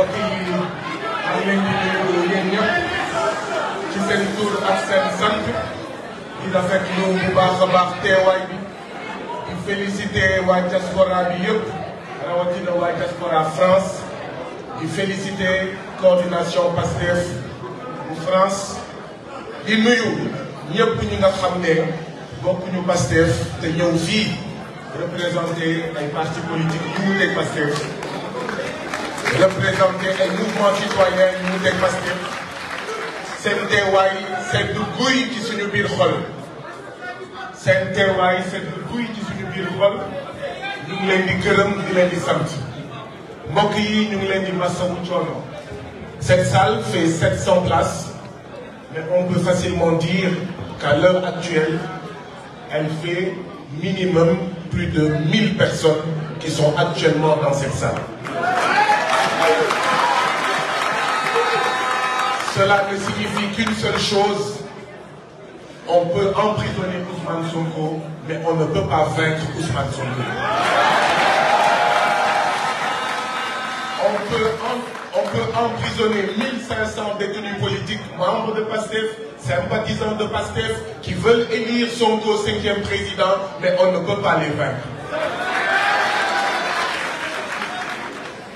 mbokk yi maa ngi leen di nuyu nga xam ne bokkuñu Pastef te ñëw fii représenté ay parti politique yu wuteeg représenté ay mouvement citoyen yu mu teg Pastef seen teewaay sedd guy ci suñu biir xol seen teewaay sedd guy ci suñu biir xol ñu ngi leen di gërëm di leen di sant mbokk yi ñu ngi leen di masawu coono cette salle fait 700 places mais on peut facilement dire qu'à l'heure actuelle elle fait minimum plus de personnes qui sont actuellement dans cette salle Cela ne signifie qu'une seule chose. On peut emprisonner Ousmane Sonko, mais on ne peut pas vaincre Ousmane Sonko. On peut, emprisonner détenus politiques, membres de PASTEF, sympathisants de PASTEF, qui veulent élire Sonko cinquième président, mais on ne peut pas les vaincre.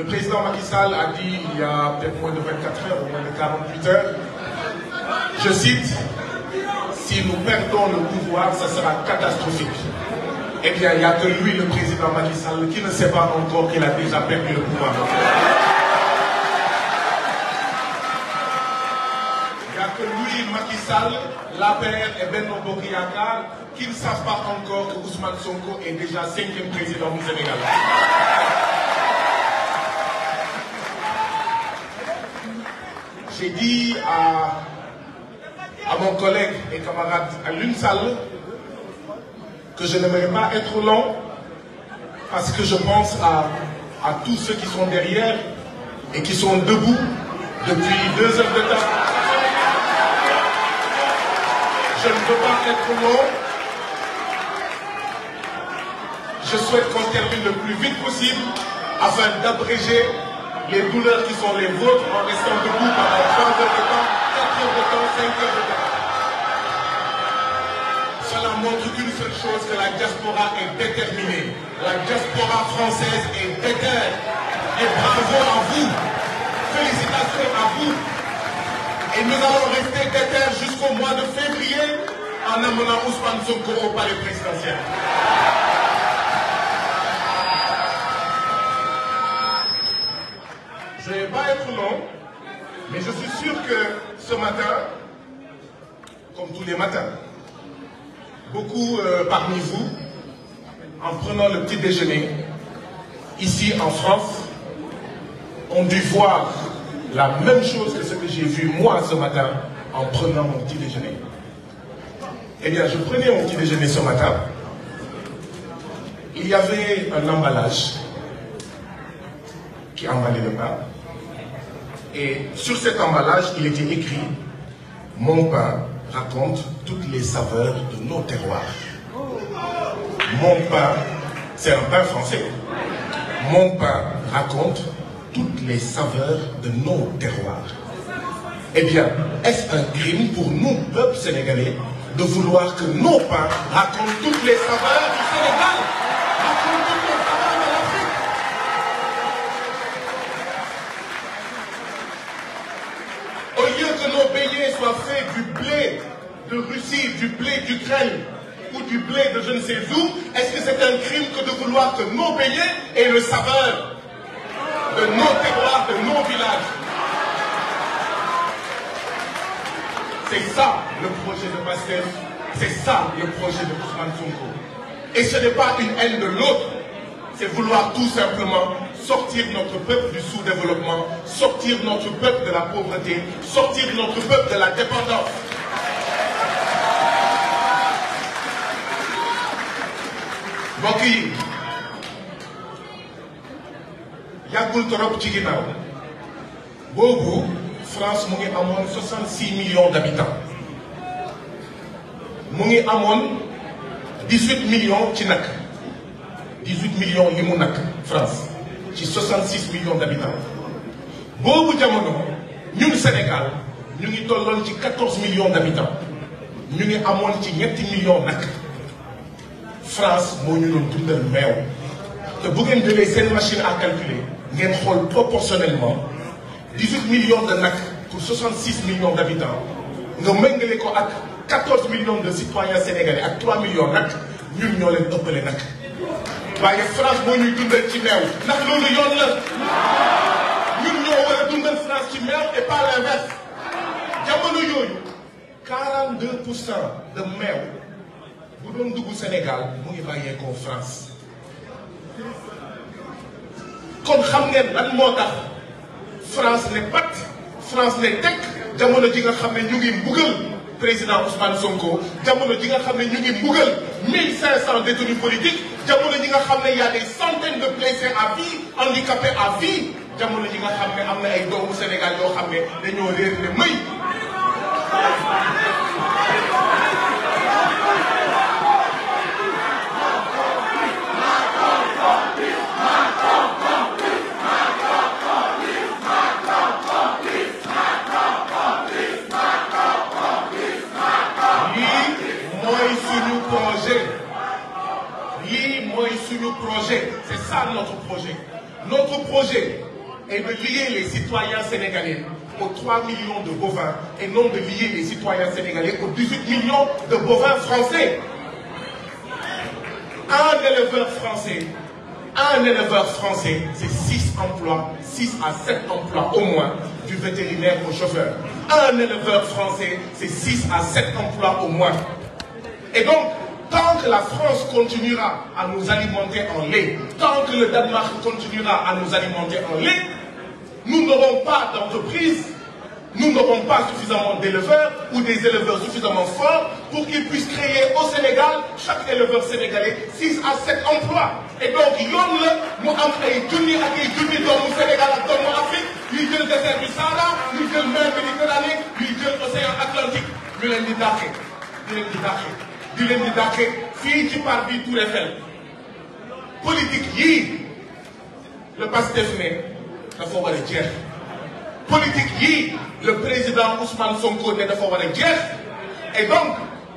Le président Macky a dit il y a peut-être de 24 ou moins de 48 je cite, si nous perdons le pouvoir, ça sera catastrophique. Eh bien, a que lui, le président Macky qui ne sait pas encore qu'il a déjà perdu le pouvoir. Il n'y a que lui, Macky Sall, l'APR qui ne savent pas encore que Ousmane Sonko est déjà cinquième président Sénégal. j'ai dit à, mon collègue et camarade à l'une salle que je n'aimerais pas être long parce que je pense à, tous ceux qui sont derrière et qui sont debout depuis deux heures de temps. Je ne veux pas être long. Je souhaite qu'on le plus vite possible afin d'abréger les douleurs qui sont les vôtres en restant debout pendant 3 heures de temps, 4 heures de heures de temps. Cela montre la diaspora est déterminée. La diaspora française est déterminée. Et bravo à vous. Félicitations à vous. Et nous allons rester déterminés jusqu'au mois de février en amenant Ousmane Sonko au palais présidentiel. Je ne vais pas être long, mais je suis sûr que ce matin, comme tous les matins, beaucoup euh, parmi vous, en prenant le petit déjeuner, ici en France, ont dû voir la même chose que ce que j'ai vu moi ce matin en prenant mon petit déjeuner. Eh je prenais mon petit déjeuner ce matin. Il y avait un emballage qui emballait le pain. Et sur cet emballage, il était écrit Mon pain raconte toutes les saveurs de nos terroirs. Mon pain, c'est un pain français. Mon pain raconte toutes les saveurs de nos terroirs. Eh est-ce un crime pour nous, peuple sénégalais, de vouloir que nos pains racontent toutes les saveurs du Sénégal de Russie, du blé d'Ukraine ou du blé de je ne sais où, est-ce que c'est un crime que de vouloir que nos pays aient le saveur de nos terroirs, de nos villages C'est ça le projet de Pasteur, c'est ça le projet de Ousmane Sonko. Et ce n'est pas une haine de l'autre, c'est vouloir tout simplement sortir notre peuple du sous-développement, sortir notre peuple de la pauvreté, sortir notre peuple de la dépendance. mbokk yi yàggul torop ci ginnaaw boobu France mu ngi amoon 66 millions d'habitants mu ngi amoon 18 million ci nag 18 millions yi mu nag France ci 66 millions d'habitants boobu jamono ñun Sénégal ñu ngi tolloon ci 14 millions d'habitants ñu ngi amoon ci ñetti millions nag. France moo ñu doon dundal meew te bu ngeen jëlee seen machine à calculer ngeen xool proportionnellement 18 millions de nag pour 66 millions d'habitants nga méngale ko ak 14 millions de citoyens sénégalais ak 3 millions nag ñun ñoo leen ëppale nag waaye France moo ñuy dundal ci meew ndax loolu yoon la ñun ñoo war a dundal France ci meew et pas l'inverse jamono yooyu 42 pour cent de meew bu doon dugg Sénégal mu ngi bàyyeekoo France kon xam ngeen lan moo tax France ne pat France ne tekk jamono ji nga xam ne ñu ngi mbugal président Ousmane Sonko jamono ji nga xam ne ñu ngi mbugal de détenus politiques jamono ji nga xam ne y a des de blessés à vie handicapés à vie jamono ji nga xam ne am na ay doomu Sénégal yoo xam ne dañoo réer ne mëy sénégalais aux 3 millions de bovins et non de lier les citoyens sénégalais aux 18 millions de bovins français. Un éleveur français, un éleveur français, c'est 6 emplois, 6 à 7 emplois au moins, du vétérinaire au chauffeur. Un éleveur français, c'est 6 à 7 emplois au moins. Et donc, tant que la France continuera à nous alimenter en lait, tant que le Danemark continuera à nous alimenter en lait, Nous n'aurons pas d'entreprise, nous n'aurons pas suffisamment d'éleveurs ou des éleveurs suffisamment forts pour qu'ils puissent créer au Sénégal, chaque éleveur sénégalais, 6 à 7 emplois. Et donc, yoon la mu am ay junni ak ay junni doomu Sénégal ak Méditerranée ñuy océan Atlantique ñu leen fii ci bi Tour Eiffel politique yii le Pastef ne dafa war a jeex le président Ousmane Sonko ne dafa war a jeex et donc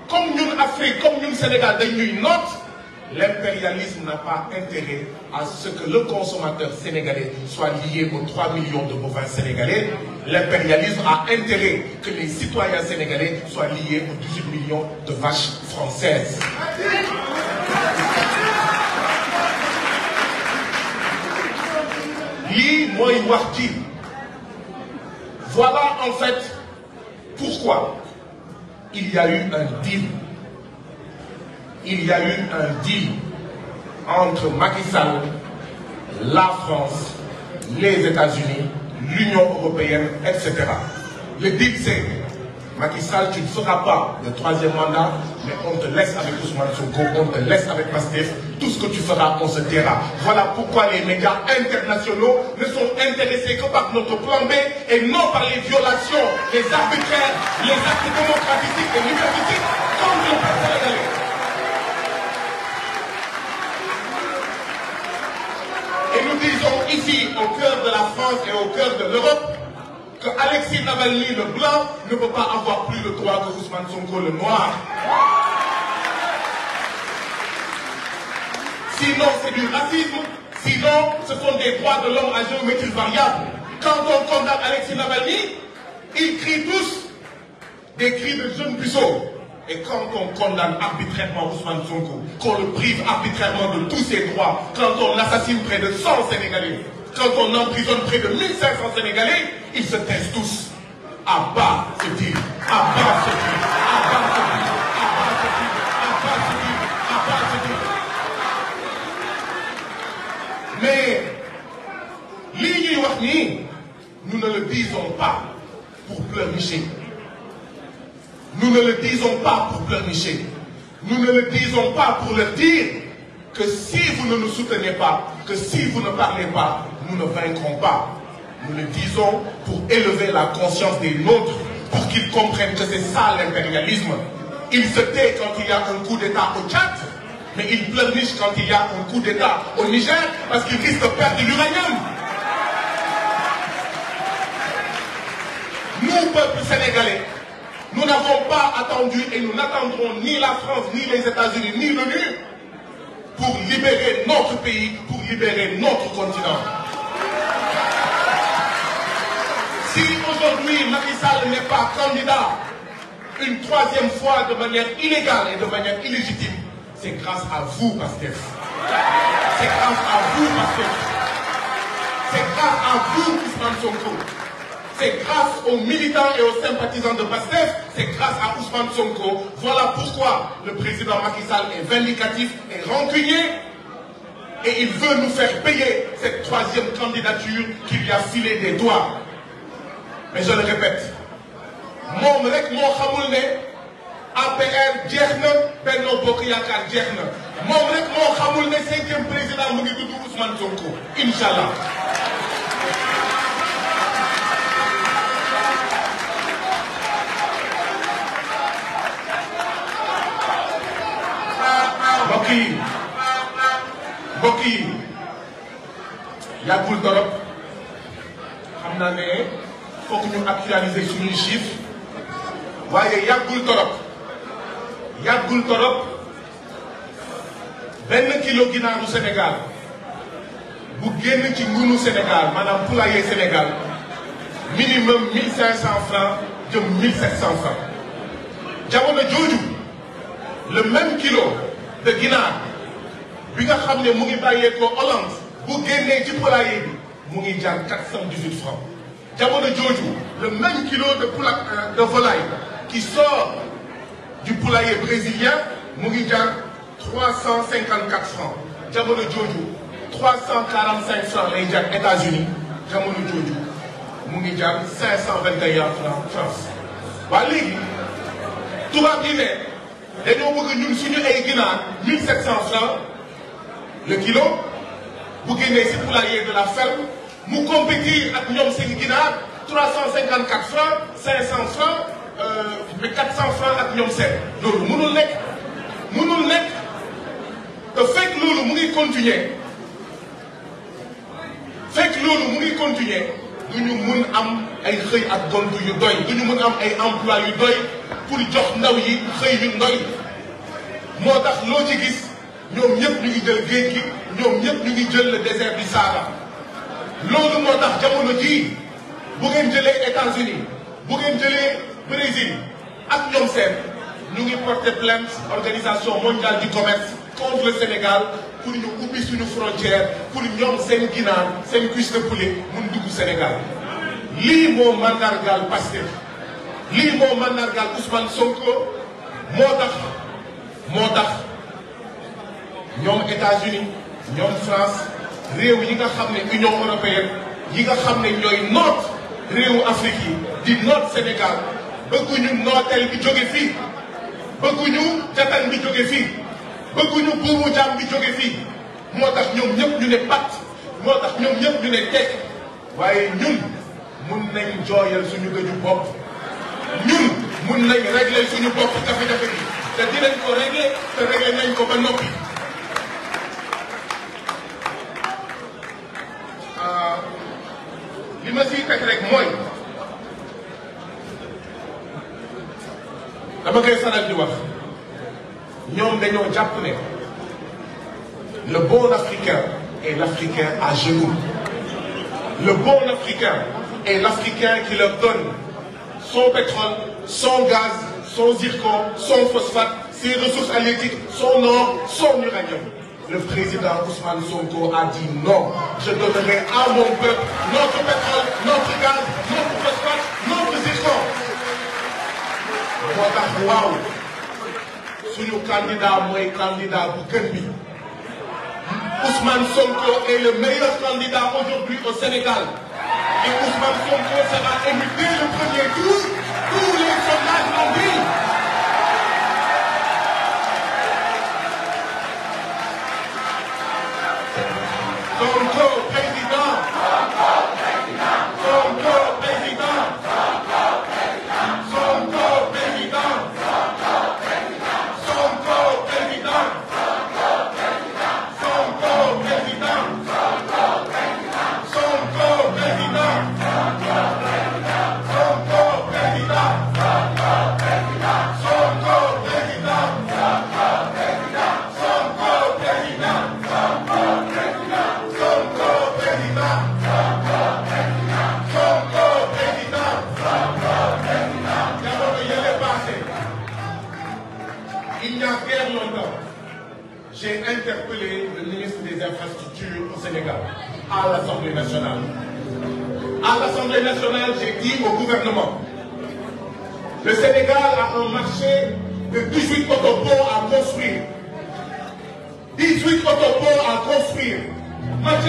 comme ñun Afrique comme Sénégal dañ ñuy noot l'impérialisme n'a pas intérêt à ce que le consommateur sénégalais soit lié aux 3 millions de bovins sénégalais l'impérialisme a intérêt que les citoyens sénégalais soient liés aux 18 millions de vaches françaises lii mooy wax ji voilà en fait pourquoi il y a eu un deal il entre Macky la France les États-Unis l'Union européenne etc le deal c'est Macky Sall, tu ne seras pas le troisième mandat, mais on te laisse avec Ousmane Sonko, on te laisse avec Pastef. Tout ce que tu feras, on se taira. Voilà pourquoi les médias internationaux ne sont intéressés que par notre plan B et non par les violations, les arbitraires, les actes démocratiques. qui n'appelle lui le blanc ne peut pas avoir plus de droits que Ousmane Sonko le noir. Sinon, c'est du racisme. Sinon, ce sont des droits de l'homme à géométrie variable. Quand on condamne Alexis Navalny, ils crient tous des cris de jeunes puceaux. Et quand on condamne arbitrairement Ousmane Sonko, qu'on le prive arbitrairement de tous ses droits, quand on assassine près de 100 Sénégalais, quand on emprisonne près de Sénégalais, ils se taisent tous. Abba ce type, Abba ce type, Abba ce type, Abba ce type, Abba ce type, Abba ce type. Mais lii ñuy wax nii nous ne le disons pas pour pleurnicher. Nous ne le disons pas pour pleurnicher. Nous ne le disons pas pour le dire que si vous ne nous soutenez pas, que si vous ne parlez pas, nous ne vaincrons pas. Nous le disons pour élever la conscience des nôtres, pour qu'ils comprennent que c'est ça l'impérialisme. Ils se tait quand il y a un coup d'État au Tchad, mais ils pleurnichent quand il y a un coup d'État au Niger, parce qu'ils risquent perdre l'uranium. Nous, peuple sénégalais, nous n'avons pas attendu et nous n'attendrons ni la France, ni les États-Unis, ni l'ONU pour libérer notre pays, pour libérer notre continent. Aujourd'hui, Macky Sall n'est pas candidat une troisième fois de manière illégale et de manière illégitime. C'est grâce à vous, Pastef. C'est grâce à vous, Pastef. Sonko. C'est grâce aux militants et aux sympathisants de Pastef. C'est grâce à Ousmane Sonko. Voilà pourquoi le président Macky Sall est vindicatif et rancunier. Et il veut nous faire payer cette troisième candidature qu'il lui a filé des doigts. mais je le répète moom rek moo xamul ne APR jeex na Benno Bokk Yaakaar jeex na moom rek moo xamul ne cinquième président mu ngi tudd Ousmane Sonko incha allah. mbokk yi mbokk yi torop xam naa fokk ñu actualiser suñuy chiffres waaye yàggul torop yàggul torop benn kilo ginaaru Sénégal bu génn ci ngunu Sénégal maanaam poulailler Sénégal minimum mille cinq cent jëm mille sept cent jamono jooju le même kilo de ginaar bi nga xam ne mu ngi bàyyeekoo Hollande bu génnee ci poulailler bi mu ngi jar quatre cent dix jamono jooju le même kilo de poula euh, de volaille qui sort du poulailler brésilien mu ngi jar trois cent cinquante jamono jooju trois États-Unis jamono jooju mu ngi jar cinq cent vingt France. waa léegi tubaab yi ne dañoo bëgg ñun suñu ay ginaar mille sept le kilo bu si poulailler de la ferme. mu compétir ak ñoom seen ginaar 354 francs 500 francs euh, mais 400 francs ak ñoom seen loolu mënul nekk mënul nekk te fekk loolu mu ngi continuer fekk loolu mu ngi continuer du ñu mun am ay xëy ak gont yu doy du ñu mun am ay emploi yu doy pour jox ndaw yi xëy yu doy moo tax loo ci gis ñoom ñëpp ñu ngi jël géej gi ñoom ñëpp ñu ngi jël le désert du Sahara loolu moo tax jamono jii bu ngeen jëlee États-Unis bu ngeen jëlee Brésil ak ñoom seen ñu ngi porter plainte organisation mondiale du commerce contre le Sénégal pour ñu ubbi suñu frontière pour ñoom seen ginaar seen cuisse de poulet mun dugg Sénégal lii moo mandargaal Pastef lii moo mandargaal Ousmane Sonko moo tax moo tax ñoom États-Unis ñoom France réew yi nga xam ne Union européenne yi nga xam ne ñooy noot réewu Afrique yi di noot Sénégal bëgguñu nooteel bi jóge fii bëgguñu jatan bi jóge fii bëgguñu buumu jaam bi jóge fii moo tax ñoom ñëpp ñu ne pat moo tax ñoom ñëpp ñu ne teg waaye ñun mun nañ jooyal suñu gëju bopp ñun mun nañ régler suñu bopp jafe-jafe bi te dinañ ko régler te régler nañ ko ba noppi li ma siy teg rek mooy dama koy saral di wax ñoom dañoo jàpp le bon africain est l'africain à genoux le bon africain est l'africain qui leur donne son pétrole son gaz son zircon son phosphate ses ressources halieutiques son or son uranium le président Ousmane Sonko a dit non. Je donnerai à mon peuple notre pétrole, notre gaz, notre phosphate, notre zircon. moo tax waaw suñu candidat mooy candidat bu gën bi Ousmane Sonko est le meilleur candidat aujourd'hui au Sénégal et Ousmane Sonko sera élu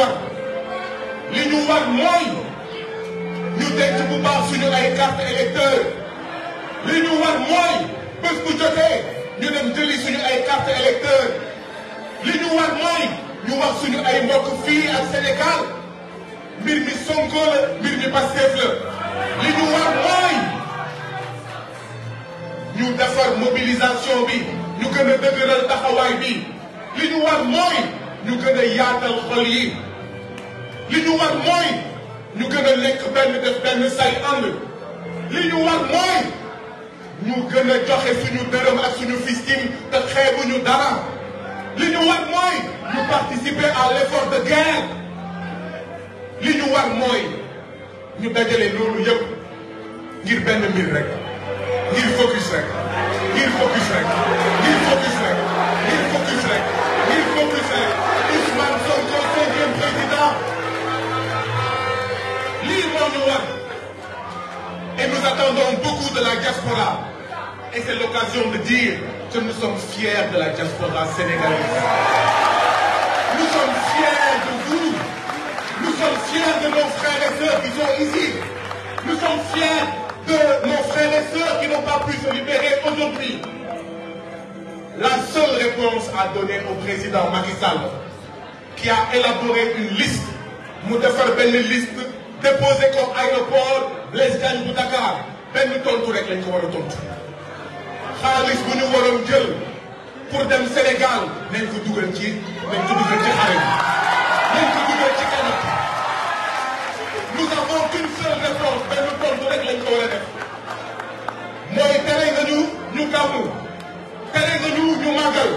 war li ñu war mooy ñu denc bu baax suñu ay carte électeur li ñu war mooy bés bu jotee ñu dem jëli suñu ay carte électeur li ñu war mooy ñu wax suñu ay mbokk fii ak Sénégal mbir mi Sonko la mi Pastef li ñu war mooy ñu defar mobilisation bi ñu gën a dëgëral taxawaay bi li ñu war mooy ñu gën a yaatal xol yi li ñu war mooy ñu gën a nekk benn def benn say ànd li ñu war mooy ñu gën a joxe suñu dërëm ak suñu fistim te xeebuñu dara li ñu war mooy ñu participer à l'effort de guerre li ñu war mooy ñu dajale loolu yëpp ngir benn mbir rek ngir focus rek ngir focus rek ñu war et nous attendons beaucoup de la diaspora et c'est l'occasion de dire que nous sommes fiers de la diaspora sénégalaise nous sommes fiers de nos frères et sœurs qui sont ici nous sommes fiers de nos frères et sœurs qui n'ont pas pu se libérer aujourd'hui la seule réponse à donner au président Macky qui a élaboré une liste mu liste déposé ko aéroport Blaise Diagne bu Dakar benn tontu rek lañ ko war a tontu xaalis bu ñu waroon jël pour dem Sénégal nañ ko dugal ci nañ ko ci xare bi nañ ko dugal ci kanam nous avons qu'une seule réponse benn tontu rek lañ ko war a def mooy tere nga ñu ñu gàmmu tere nga ñu ñu màggal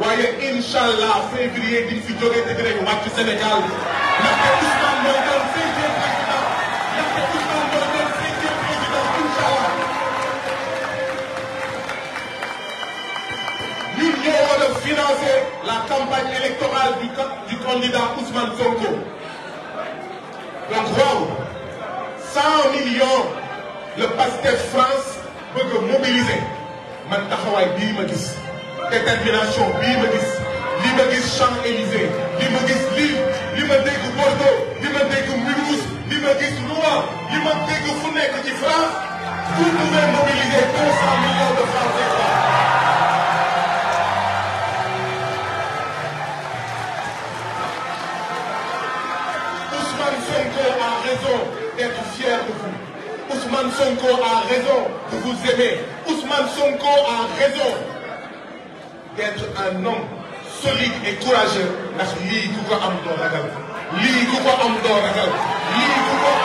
waaye incha allah février di fi jógee te dinañ wàcc Sénégal ndaxte Ousmane mooy doon fii. prévoit de financer la campagne électorale du, du candidat Ousmane Sonko. Donc waaw 100 millions le PASTEF France bëgg mobiliser man taxawaay bii ma gis détermination bii ma gis li ma gis Champs-Élysées li ma gis Lille li ma dégg Bordeaux li ma dégg Mulhouse li ma gis Rouen li ma dégg fu nekk ci France vous fier de vous. Ousmane Sonko a raison de vous aimer. Ousmane Sonko a raison et courageux ndax lii ku ko am doo ragal lii ku ko am doo ragal lii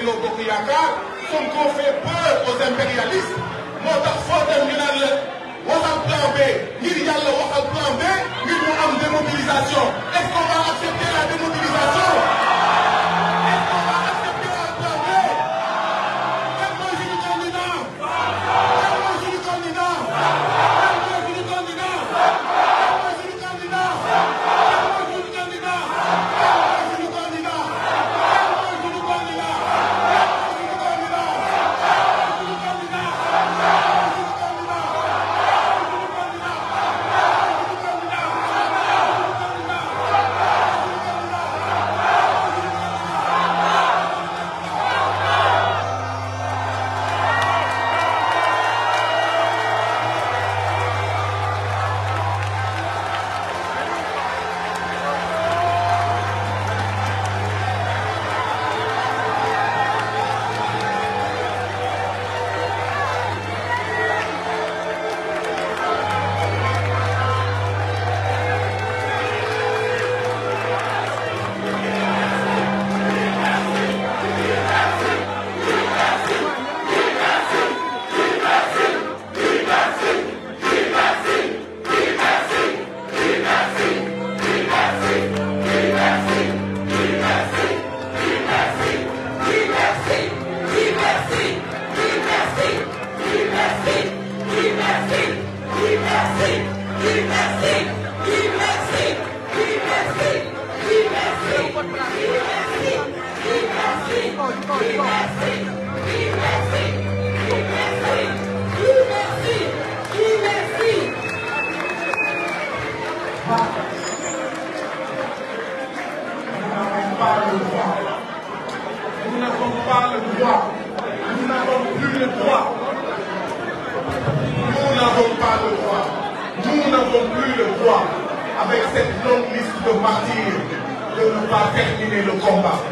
Benno Bokk Yaakaar Sonko fait peur aux impérialistes moo tax foo dem ñu naan la waxal plan B ngir yàlla waxal plan B ngir mu am démobilisation.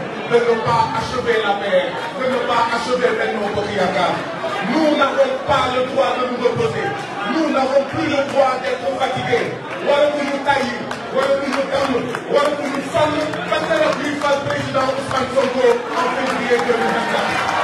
de ne pas achever la paix, de ne pas achever Benno Bokiyaka. Nous n'avons pas le droit de nous reposer. Nous n'avons plus le droit d'être fatigués. Voilà que nous taillons, voilà que nous calmons, voilà que nous sommes. Quand c'est la plus président Ousmane Sonko en février 2024.